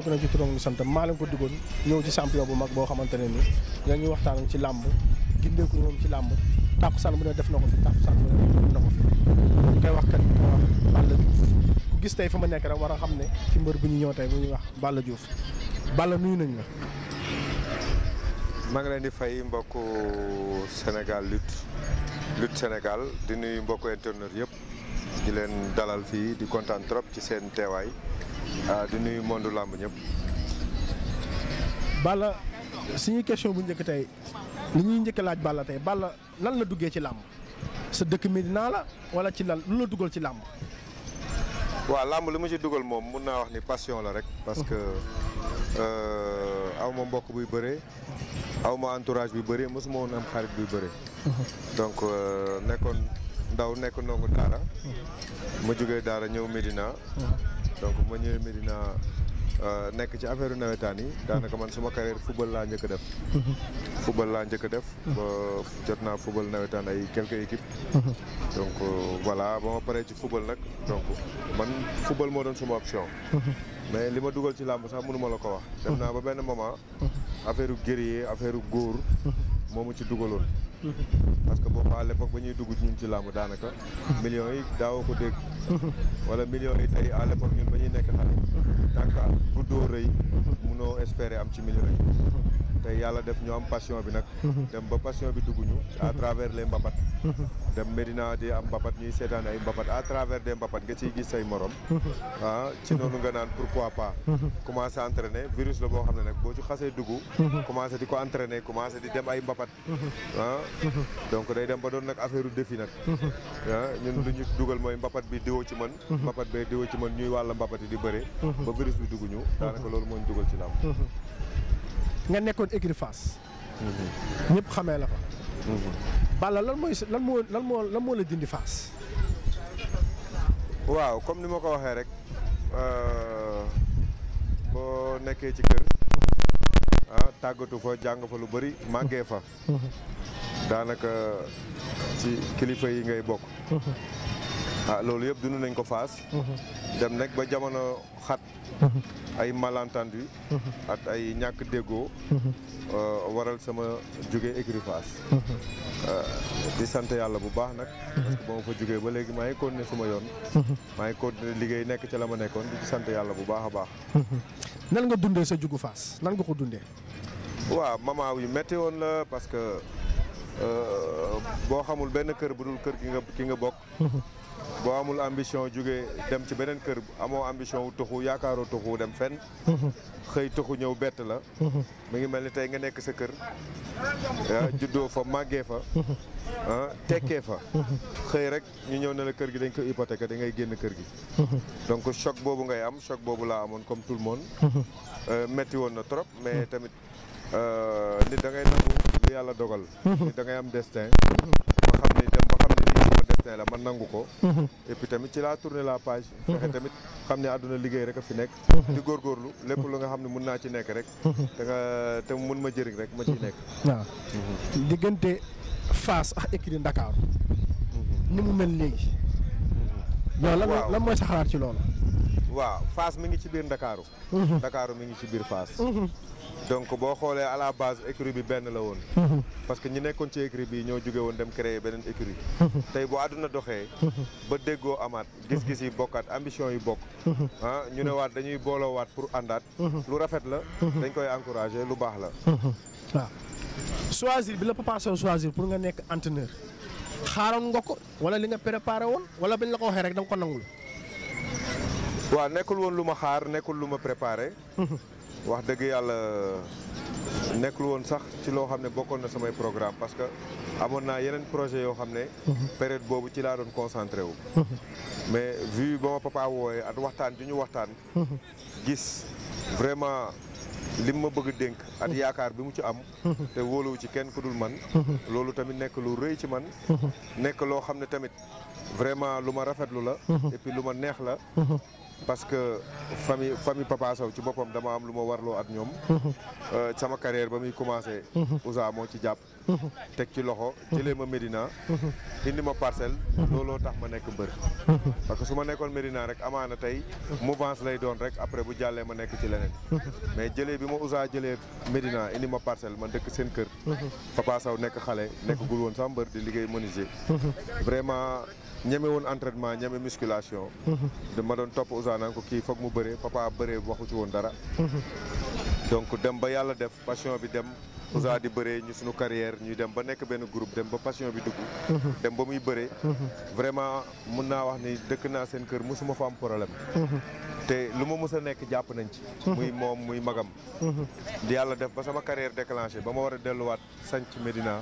bokk na ci turam lu sant maa leen ko diggoon ñëw ci champion bu mag boo xamante ne ni dañuy waxtaan ci làmb gindeeku moom ci làmb tàkkusaan bu def fi def fi wax kat Balla ku gis tey fa ma rek ne ci mbër bu ñu ñëw tey bu ñuy wax Balla Diouf Balla nuyu nañ la maa leen di fay mbokku lutte lutte di nuyu di leen dalal di trop ci ah di nuyu monde làmb ñëpp. Balla suñuy question bu njëkk tey li ñuy njëkk laaj Balla tey Balla lan la duggee ci làmb sa dëkk Medina la wala ci lan lu la dugal ci làmb. waa làmb li ma ci dugal moom mun naa wax ni passion la rek. parce que euh, aw ma mbokk buy bëree. aw ma entourage buy bëree mosuma woon am xarit buy bëree. donc euh, nekkoon ndaw nekk ndongu daara. ma jógee daara ñëw Medina. donc bu ma ñëwee Medina nekk ci affaire nawetaan yi daanaka man suma carrière football laa njëkk a def. football laa njëkk a def. ba jot naa football nawetaan ay quelques équipes. donc voilà ba ma paree ci football nag donc man football moo doon suma option. mais li ma dugal ci làmb sax mënuma la ko wax. dem naa ba benn moment. affaire guerrier affaire góor. moomu ci dugaloon. parce que boobu à l'époque ba ñuy dugg ñun ci làmb daanaka. millions yi daawoo ko dégg. wala millions yi tey à l'époque ñun nekk xale. tant que bu doo rëy munoo espérer am ci milieu yi. ya yalla def ñu am passion bi nak dem ba passion bi duggu ñu à travers les mbapat dem Medina di am mbapat ñuy sétane ay mbapat à travers des mbapat nga ci gis say morom ah ci nonu nga apa, pourquoi pas commencer entraîner virus la bo xamné nak bo ci xasse duggu commencer di ko entraîner commencer di dem ay mbapat ah donc day dem ba doon nak affaireu u défi nag ah ñun lu duggal moy mbapat bi diwoo ci man mbapat bee diwoo ci man ñuy wàll mbapat di bëre ba virus bi duggu ñu da naka lolu moñ duggal ci lamb nga nekkoon écurie Fass. Mhm. ñëpp xamee la fa. Mhm. Balla lan mooy lan moo la dindi Fass. waaw comme ni ma ko waxee rek euh, boo nekkee ci kër. Ah, tàggatu fa jàng fa lu bari màggee fa. Mhm. daanaka ci kilifa yi ngay bokk. ah yeb dunu nañ ko fas dem nak ba jamono xat ay malentendu at ay ñak dego euh, waral sama écrit fas euh di sante yalla bu baax nak parce que bama fa jógee ba léegi may ngi suma yoon may ngi continuer nek ci lama di sante yalla bu baaxa baax nan nga dundé sa jugu fas nan nga ko dundé wa mama wi metti won la parce que euh, bo xamul ben keur budul keur ki nga ki nga bok boo amul ambition jóge dem ci beneen kër amoo ambition wu tuxu yaakaaroo tuxu dem fenn xëy tuxu ñëw bett la mu ngi mel ni tey nga nekk sa kër ah, juddoo fa màggee fa ah, tekkee fa xëy rek ñu ñëw ne la kër gi dañ ko hypothèque da ngay génn kër gi donc choc boobu ngay am choc boobu laa amoon comme tout le monde euh, metti woon na trop mais tamit euh, nit da ngay nangu yàlla dogal nit da am destin destin la man nangu ko mhm. et puis tamit ci laa tourner la page mhm. fexe tamit xam ne àdduna liggéey rek a fi nekk mhm. di góorgóorlu lépp lu nga xam ne mun naa ci nekk rek da nga te mun ma jëriñ rek ma ciy nekk waaw diggante Fass ak écurie Ndakaaru ni mu mel léegi yow lan lan mooy sa ci loolu waaw Fass mi ngi ci biir Ndakaaru mhm. Ndakaaru mi ngi ci biir Fass mhm. donc boo xoolee à la base écurie bi benn la on mhm. parce que ñi nekkoon ci écurie bi ñoo dem créer beneen écurie tey bo àdduna doxee ba déggoo gis-gis yi bokkaat ambition yi bokk ah ñu ne waat dañuy booloowaat pour àndaat lu rafet la dañ koy encourager lu baax la choisir bi la Papa Sow choisir pour nga nekk entraîneur xaaroon nga ko wala li nga préparé wala bañ la ko waxee rek ko nangul waaw nekkul woon lu ma xaar nekkul lu ma préparé. wax dëgg yàlla nekkul woon sax ci loo xam ne bokkoon na samay programme parce que amoon naa yeneen projet yoo xam ne. période boobu ci laa doon concentré wu. mais vu ba ma papa wooyee at waxtaan ju ñu waxtaan. gis vraiment. lim ma bëgg dénk ak yaakaar bi mu ci am te wóoluwu ci kenn ku dul man loolu tamit nekk lu rëy ci man nekk loo xam ne tamit vraiment lu ma rafetlu la et lu ma neex la parce que famille famille Papa ci boppam dama am lu ma warloo ak ñoom. Euh, sama carrière ba muy commencé. Ousa moo ci jàpp. teg ci loxo jëlee ma Médina indi ma parcelle looloo tax ma nekk mbër parce que su ma nekkoon Médina rek amaana tey mouvance lay doon rek après bu jàllee ma nekk ci leneen mais jëlee bi ma usaa jëlee Médina indi ma parcelle ma dëkk seen kër Papa Sow nekk xale nekk gul woon sax mbër di liggéey menuisier vraiment ñeme woon entraînement ñeme musculation dama doon topp usaa naan ko kii mu bëree papa bëree waxu woon dara donc dem ba yàlla def passion bi dem Ouza di bëree ñu suñu carrière ñuy dem ba nekk benn groupe dem ba passion bi dugg mhm. dem ba muy bëree mhm. vraiment mun naa wax ni dëkk naa seen kër mosuma fa am problème mhm. te lu ma mës a nekk jàpp nañ ci muy moom muy magam di yàlla def ba sama carrière déclenché ba ma war a delluwaat sanc Médina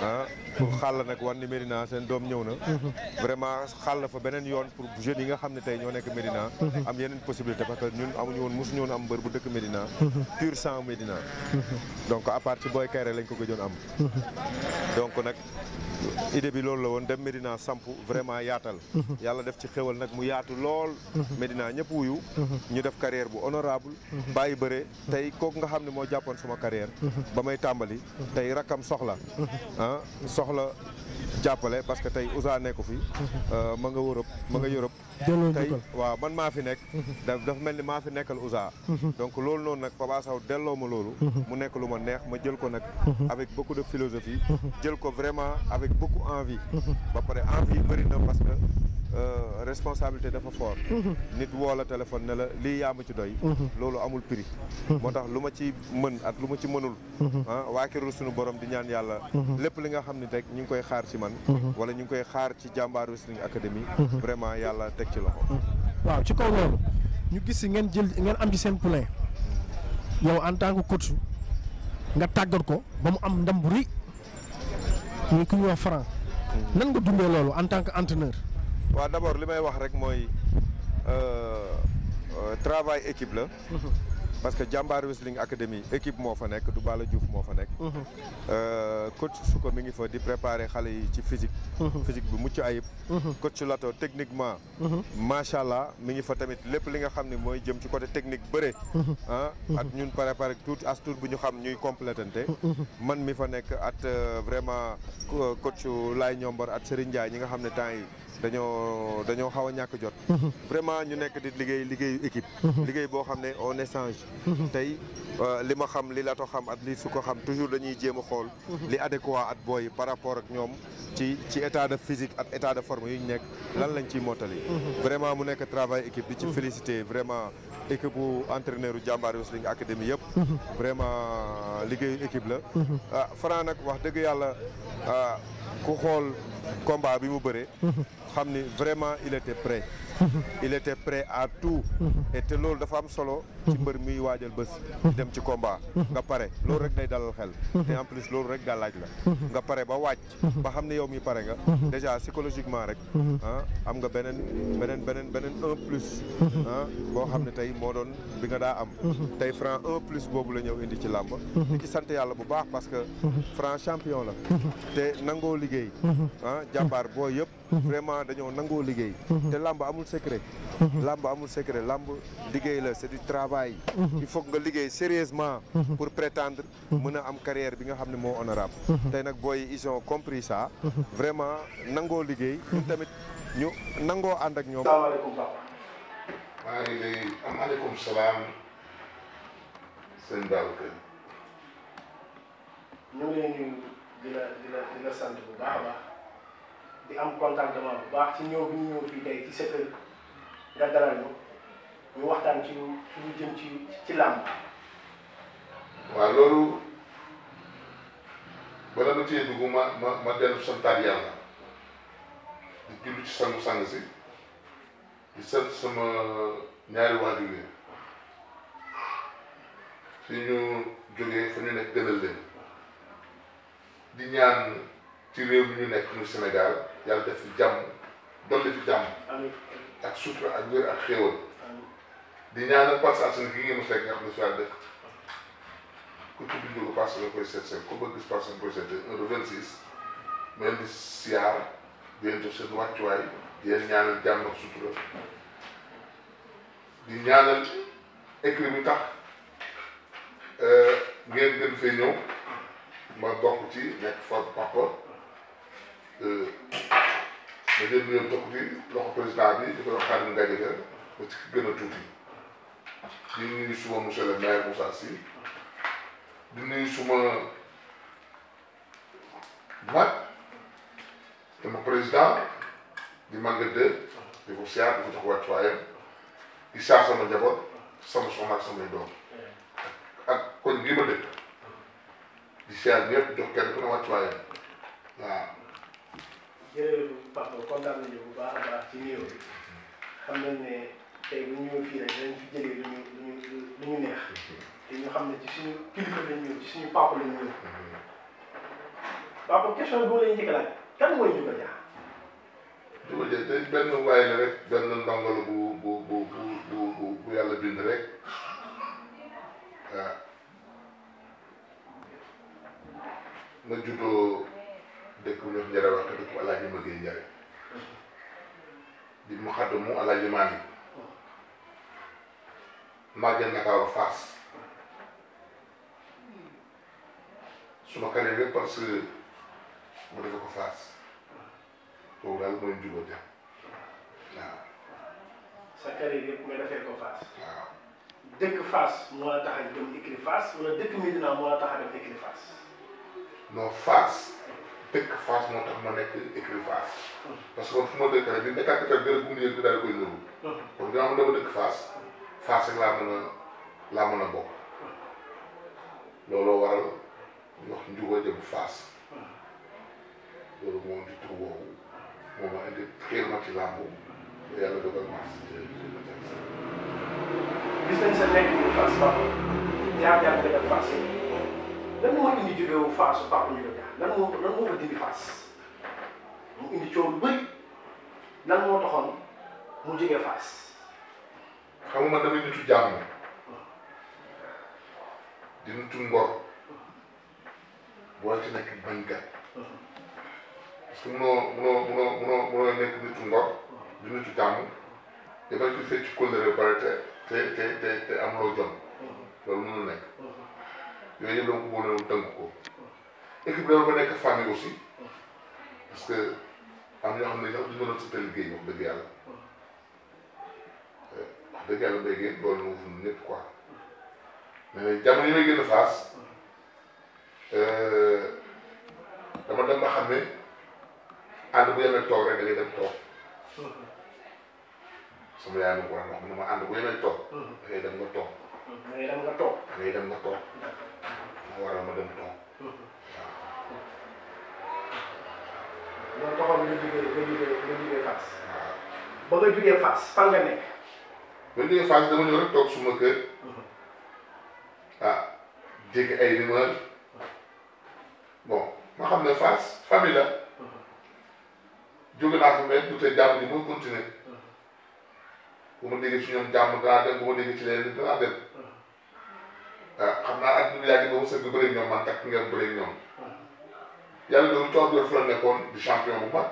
ah pour xàll nag wan ni Médina seen doom ñëw na vraiment xàll fa beneen yoon pour jeunes yi nga xam ne tey ñoo nekk Médina am yeneen possibilité parce que ñun amuñu woon mosuñu woon am dëkk Médina pur sang part ci Boy Kaïré lañ ko gëjoon am donc nag idée bi loolu la woon dem Médina samp vraiment yaatal yàlla def ci xéwal nag mu yaatu lool Médina ñëpp wuyu ñu def carrière bu honorable bàyyi bëre tey kooku nga xam ne moo jàppoon sama carrière ba may tàmbali tey rakkam soxla ah soxla jàppale parce que tey usa nekku fi euh, ma nga Europe ma tey Wa man m'a fi nek dafa mel melni ma fi nekkal usa. Mhm. donc loolu non nak Papa saw delloo ma lolu mhm. mu nek luma ma neex ma jël ko nak mhm. avec beaucoup de philosophie jël ko vraiment avec beaucoup envie ba paré envie bari na parce que euh, responsabilité dafa fort nit wo la téléphone ne la li yaa ci doy lolu amul prix motax luma ci meun ak lu ci mënul ah waakirul sunu borom di ñaan yalla lepp li nga xamni tek ñing koy xaar ci man wala ñing koy xaar ci jàmbaar Wrestling Academy vraiment yalla ci loxo. Mm. waaw ci kaw loolu ñu gis si ngeen jël ngeen am ci seen poulain yow en tant que nga tàggat ko ba mu am ndam bu rëy ñu ku ñuy wax franc nan nga dundee loolu en tant que entraîneur. waaw d' abord li may wax rek mooy euh, euh, travail équipe la. Mm-hmm. parce que jàmbaar Wrestling Academy équipe moo fa nekk du Bala Diouf moo fa nekk. Mhm. Euh, coach su mi ngi fa di préparer xale yi ci physique. Mhm. bi mucc ayib. Mhm. coach Lato techniquement. macha allah mi ngi fa tamit lép li nga xam ne mooy jëm ci côté technique bëre. ah at ñun préparer tuuti as tuut bu ñu xam ñuy complétante. man mi fa nekk at euh, vraiment coach Laay Ñombor at Serigne Ndiaye ñi nga xam ne temps dañoo dañoo xaw a ñàkk jot. Mhm. vraiment ñu nekk di liggéey liggéeyu équipe. Mhm. liggéey boo xam ne on échange. Mhm. tey euh, li ma xam li Lato xam ak li su ko xam toujours dañuy jéem a xool. li adéquat at booy par rapport ak ñoom ci état de physique ak état de forme yu ñu nekk lan lañ ciy mottali. vraiment mu nekk travail équipe di ci félicité vraiment. équipe bu entraîneur jàmbaar wrestling académie yëpp vraiment liggéeyu équipe la ah Franc nag wax dëgg yàlla ah, ku xool combat bi mu bëree. xamni vraiment il était prêt. il était prêt à tout. et te loolu dafa am solo. ci mbeur mi wadjal bés. dem ci combat. nga paré loolu rek day dalal xel. te en plus loolu rek gàllaaj la. nga paré ba wàcc. ba xamni yow mi paré nga. déjà psychologiquement rek. ah am nga benen benen benen un plus. ah boo xam ne tey moo bi nga da am. tay franc un plus bobu la ñëw indi ci lamb ni ci sante yalla bu baax parce que. franc champion la. te nangoo liggéey. ah jàmbaar boo yëpp vraiment dañoo nangoo liggéey te làmb amul secret làmb amul secret làmb liggéey la c'est du travail il faut nga liggéey sérieusement pour prétendre mën a am carrière bi nga xam ne moo honorable tey nag booy ils ont compris ça vraiment nangoo liggéey ñun tamit ñu nangoo ànd ak ñoom a di am contentement bu baax ci ñëw bi ñu ñëw fii tey ci sa kër nga dalal ñu ñu waxtaan ci ci lu jëm ci ci làmb. waaw loolu bala ma cee dugg ma ma ma dellu santaat yàlla di julli ci sangu sang si di sant sama ñaari waajur yi fi ñu ñu nekk gënal leen di ñaan. ci réew mi ñu nekk ñu Sénégal yàlla def fi jàmm dolli fi jàmm ak sutura ak wér ak xéewal di ñaanal Parcelles Assainies gi ngeen ma fekk nga xam ne faa dëkk ku tudd ñu ko Parcelles nga koy ku bëgg Parcelles nga koy seet seet heure vingt six mu leen di siyaar di leen jox seen wàccuwaay di leen ñaanal di ñaanal écrit bi tax euh, ngeen gën fee ñëw ma bokk ci nekk fa papa ma jël nuyoo toog ci loxo président bi di ko wax Khadim Gadiaga ba ci gën a tuuti di nuyu suma monsieur le maire Moussa Sy di nuyu suma mag dama président di Manga 2 di ko siyaar di ko jox di siyaar sama njaboot sama soxna ak samay doom ak koñ bii ma dëkk di siyaar ñëpp jox kenn ku ne wàccuwaayam waaw. jërëjëf Papa kontaan nañu bu baax a baax ci nuyoo bi xam nañ ne tey bu ñu ñëw fii rek dinañ fi jëlee lu ñu lu ñu neex te ñu xam ne ci suñu kilifa lañ ñëw ci suñu papa lañ ñëw Papa question boo lay njëkk laaj kan mooy Ndiouga Dia. Ndiouga Dia tey benn waay la rek benn ndongo la bu bu bu bu bu yàlla bind rek waaw ah. nga juddoo. dëkk ñu fi wax di muxaddamu alaaji maani màggal Ndakaaru Faas su ma rek parce que mu defe ko Faas kooku daal mooy jubate waaw sa carrière yëpp nga defee ko Fass. waaw dëkk Fass la dem wala la dem dëkk Fass moo tax ma nekk écurie Fass. parce que fu ma dëkk rek bi état bi tam gën a gunge bi daal koy nëbbu. kon ginnaaw ma dama dëkk Fass. Fass rek laa mën a laa mën bokk. looloo waral ñu wax Ndiouga jëm Fass. loolu moom di tur boobu moo ma indi xëy na ci làmb ba yàlla dogal maas. gis nañ sa nekk Fass ba jaar jaar dëkk Fass yi. lan moo indi jógewu Fass Pape Ndiouga Dia lan moo lan moo ko dindi Fass mu indi coow lu bëri lan moo taxoon mu jógee Fass. xam nga man damay nitu jàmm di nitu ngor boo ci nekk bañkat parce que munoo munoo munoo munoo munoo nekk nitu ngor di nitu jàmm dafay ci fecc kóllëre ba pare te te te te am loo jom loolu mënul nekk. yooyu yëpp dama ko boole woon tënk ko équipe bi ko nekk famille aussi parce que am ñoo xam ne ñoo xam ne mën a sotti liggéey wax dëgg yàlla euh, wax dëgg yàlla béykat yi doole moo fi ñëpp quoi mais jamono yi may gën a faas euh, dama dem ba xam ne ànd bu yemee toog rek da ngay dem toog sama yaay ma ko wax ne ma ànd bu yemee toog mm-hmm. mm-hmm. da ngay dem nga toog. da ngay dem nga toog. da ngay dem nga toog. moo waral a dem toog. waaw. loolu taxoon nga jugee nga jugee nga jugee Fass. waaw ba nga jugee Fass fan nga nekk. ba jugee Fass dama ñëw rek uh-huh. ah dégg ay rumeur bon ma xam ne Fass famille uh-huh. naa fa mais bu tey jàmm ji mooy continuer. Uh-huh. bu ma déggee ci ñoom jàmm danaa dem bu ma déggee ci leneen Ah, xam naa ak ñun yaa ngi doon sëgg bëri ñoom man takk ngeen bëri ñoom yàlla loolu toog bi fu la nekkoon di champion bu mag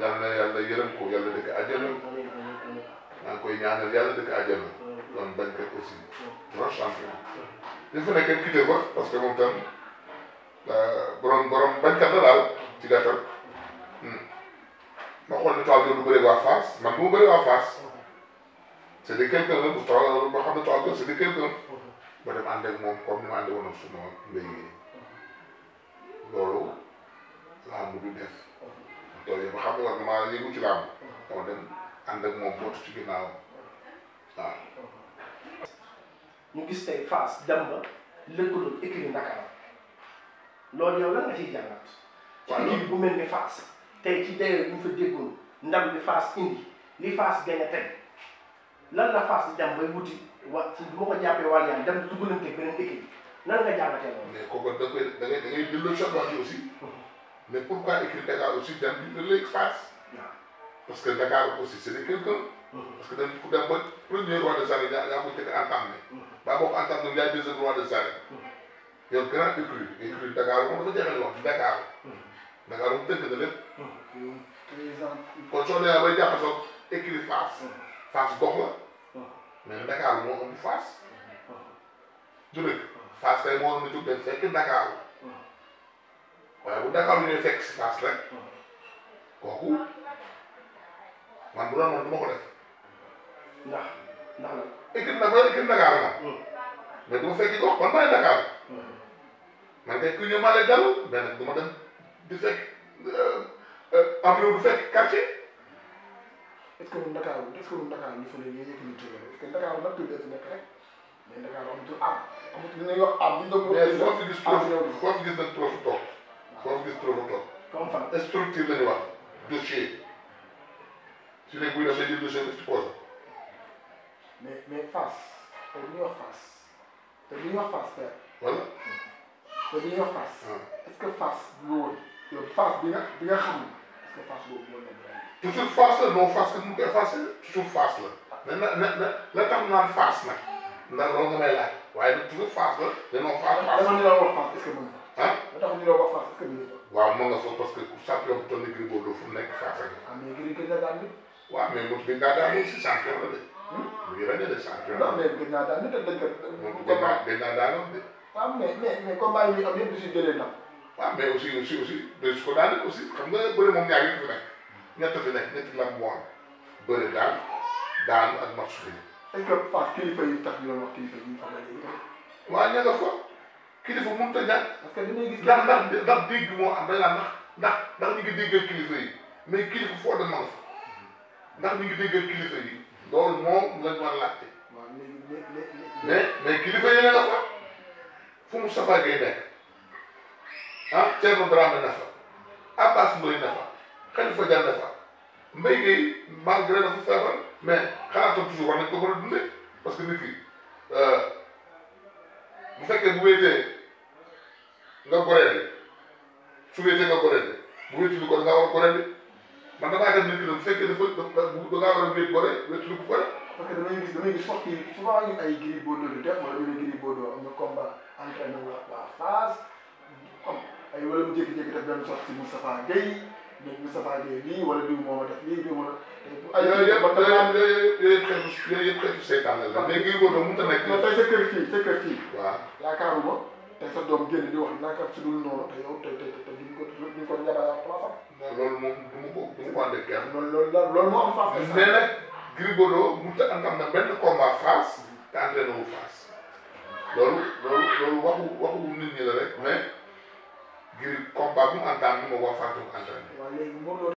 yàlla na yàlla yërëm ko yàlla dëkk àjjana maa ngi koy ñaanal yàlla dëkk àjjana doon bañ ko aussi trop champion il faut ne kenn quitté ko parce que moom tam ah, borom borom la daal ci gàttal hmm. ma xool ne toog bi du bëri waa Fass man bu mu bëri waa Fass c'est de quelqu'un la bu toog ba xam ne toog c'est de quelqu'un ma dem ànd ak moom comme ni ma ànd woon ak suma mbéy mi loolu làmb du def tool yi ba xam ne war na maa yëngu ci làmb dama dem moom bootu ci ginnaaw waaw. ñu gis tey Fass dem ba lëkkaloo écurie Ndakaaru loolu yow lan nga ciy jàngat. waaw ci bu mel ni Fass tey ci dayoo bi ñu fa déggoon ndam indi li Fass gën a teg lan la Fass dem bay wuti. wa ci boo ko jàppee wàll yàlla dem dugalante beneen équipe nan nga jàpbatee loolu. mais kooku da koy da ngay da ngay delloo sa bopp yi aussi. mais pourquoi écrire Dakar aussi ne léegi face. parce que Dakar aussi c'est quelqu'un. Mm-hmm. parce que dañ ku dem ba premier roi de Sarène yaa yaa ko njëkk a entamé. Mm-hmm. ba boo ko entamé yaay deuxième roi de Sarène. Mm-hmm. yow grand écurie écurie Dakar moom dafa jeexal wax Dakar. Dakar moom dëkk na lépp. kon soo demee bay mais Dakar moo ëmb Fass du dëkk Fass kay moo ëmb jug dem fekk Dakar waaye bu Dakar lu ñuy fekk si Fass rek kooku man bu doon man du ma ko def ndax ndax la équipe du ma fekki gox man maay Dakar man kay ku ñëw maa lay dal mais nag du ma dem di am euh, euh, réew du fekk quartier est ce ah. que ñun Dakar est ce que ñun Dakar ñu um ñu yëkkati jóge est ce que Dakar nag tuddee fi nekk rek mais Dakar amatul am amatul li ñuy wax am. ñu doon mais foo fi gis trop foo fi gis nag trop fu toog. foo fi gis trop fu toog. comme fan structure la ñu wax dossier su nekk buy def dañuy dossier def ci poche mais mais Fass te wax Fass te wax Fass tey. voilà. te li wax Fass. est ce que Fass bu woon yow Fass bi nga bi nga xam est ce que Fass boobu moo nekk toujours face la non face la nu mu koy face toujours face la na na na la tax naan face nag ndax loolu nga may laaj waaye nag toujours face la te non face face la. la wax face est-ce que mën na. ah la tax ñu la wax face est-ce que mën na. waaw mën nga so parce que champion bu toll nii Gris Bordeaux fu mu nekk face ak. ah mais Gris Gris la daan bi. waaw mais moom Gris daan bi aussi champion la de. mu ngi rajo de champion la. non mais Gris daan bi te dañ ko. moom Gris Gris daan bi. waaw mais mais mais combat yi ñu am yëpp du si jëlee ndam. waaw mais aussi aussi aussi de su ko daanee aussi xam nga bëri moom ñaari fi nekk. ñett fi nekk ñetti làmb moo am bëri daan daanu ak match bi. est-ce que Fass kilifa yi tax ñu doon wax kilifa gis ndax ndax ndax dégg moo la ndax ndax ndax ñu ngi déggal kilifa yi mais kilifa foo dem na fa ndax loolu moom lañ war a laajte. mais mais kilifa yi ne la fa fu mu safar ngay nekk ah Thierno Dramé na fa Khalifa Diagne Fall Mbaye Gueye malgré dafa feebar mais xalaatam toujours war nañ ko mën a dundee parce que nit ki euh, bu fekkee bu wéetee nga goree su wéetee nga goree bu wéetu ko da ngaa war a goree man damaa dem nit ki bu fekkee dafa da ngaa war a wéet goree wéetu ko goree. parce que damay gis damay gis sorti souvent ñu ay Gris Bordeaux di def wala ñu ne Gris Bordeaux am na combat entraîné waa waa Fass comme ay wala mu jékki-jékki def benn sorti si Moustapha Gueye. mais Moustapha Gueye lii wala diw moo ma def lii diw moo a. yooyu yëpp yooyu yëpp yooyu yëpp xeetu seytaan la mais Gueye Godo mënut a nekk. mais tey sa kër fii sa kër fii. waaw yaakaaruma tey sa doom génn di wax naka su dul noonu te yow tey tey tey duñ ko duñ ko njabaayaat trois ans. loolu moom du ma ko du ma ko ànd ak kenn. loolu loolu loolu moo am face. mais nag Gueye Godo mënut a am na benn combat face te entraîné wu face loolu loolu loolu waxu waxu nit ñi la rek mais. ngir combat bu mu entamé mu war fàttali ko entraîné.